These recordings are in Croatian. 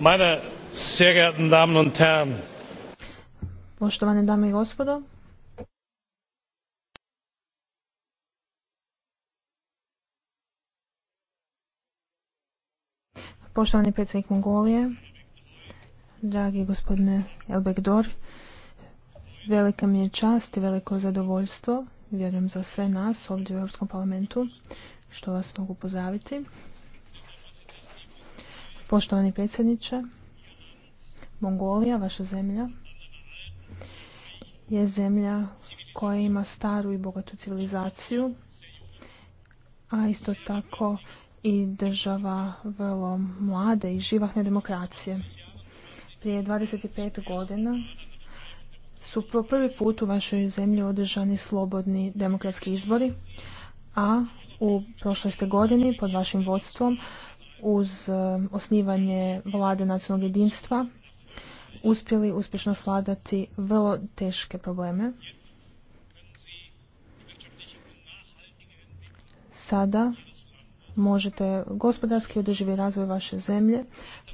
Meine sehr geehrten Damen und Herren, Poštovane dame i gospodo, Poštovani predsjednik Mongolije, dragi gospodine Elbekdor, velika mi je čast i veliko zadovoljstvo, vjerujem za sve nas ovdje u Europskom parlamentu, što vas mogu pozdraviti. Poštovani predsjedniče, Mongolija, vaša zemlja, je zemlja koja ima staru i bogatu civilizaciju, a isto tako i država vrlo mlade i živahne demokracije. Prije 25 godina su po prvi put u vašoj zemlji održani slobodni demokratski izbori, a u prošloj ste godini pod vašim vodstvom uz e, osnivanje vlade nacionalnog jedinstva uspjeli uspješno sladati vrlo teške probleme. Sada možete gospodarski održivi razvoj vaše zemlje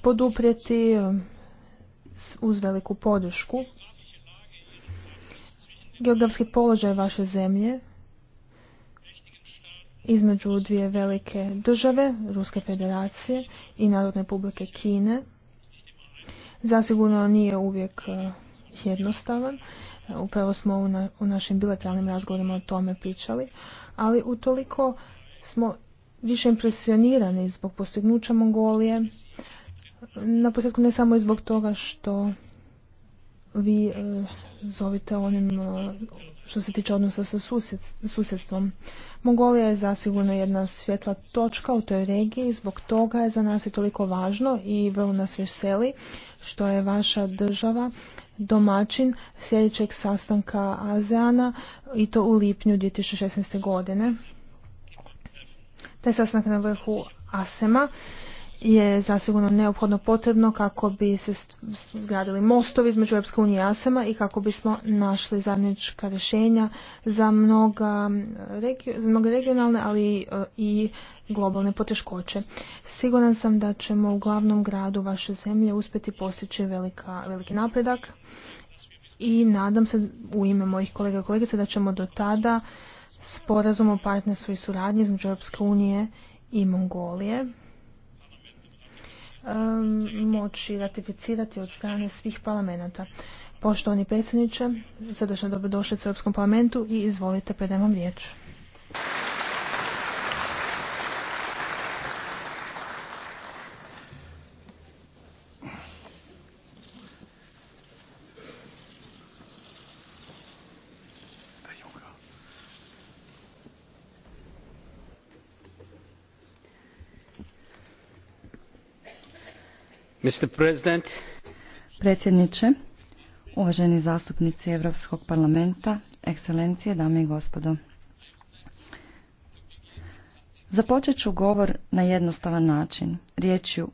poduprijeti e, uz veliku podršku. Geografski položaj vaše zemlje između dvije velike države, Ruske federacije i Narodne republike Kine, zasigurno nije uvijek e, jednostavan. E, upravo smo u, našim bilateralnim razgovorima o tome pričali, ali utoliko smo više impresionirani zbog postignuća Mongolije, na posljedku ne samo zbog toga što vi e, zovite onim e, što se tiče odnosa sa susjedstvom. Mongolija je zasigurno jedna svjetla točka u toj regiji, zbog toga je za nas i toliko važno i vrlo nas veseli što je vaša država domaćin sljedećeg sastanka ASEANA i to u lipnju 2016. godine. Taj sastanak na vrhu ASEMA je zasigurno neophodno potrebno kako bi se zgradili mostovi između Europske unije i ASEMa i kako bismo našli zajednička rješenja za, mnoga, za mnoge regionalne, ali e, i globalne poteškoće. Siguran sam da ćemo u glavnom gradu vaše zemlje uspjeti postići velika, veliki napredak i nadam se u ime mojih kolega i kolegica da ćemo do tada sporazum o partnerstvu i suradnji između Europske unije i Mongolije moći ratificirati od strane svih parlamenta. Poštovani predsjedniče, srdačna dobrodošli u Europskom parlamentu i izvolite, predajem vam riječ. Mr. President. Predsjedniče, uvaženi zastupnici Europskog parlamenta, ekscelencije, dame i gospodo. Započet ću govor na jednostavan način, riječju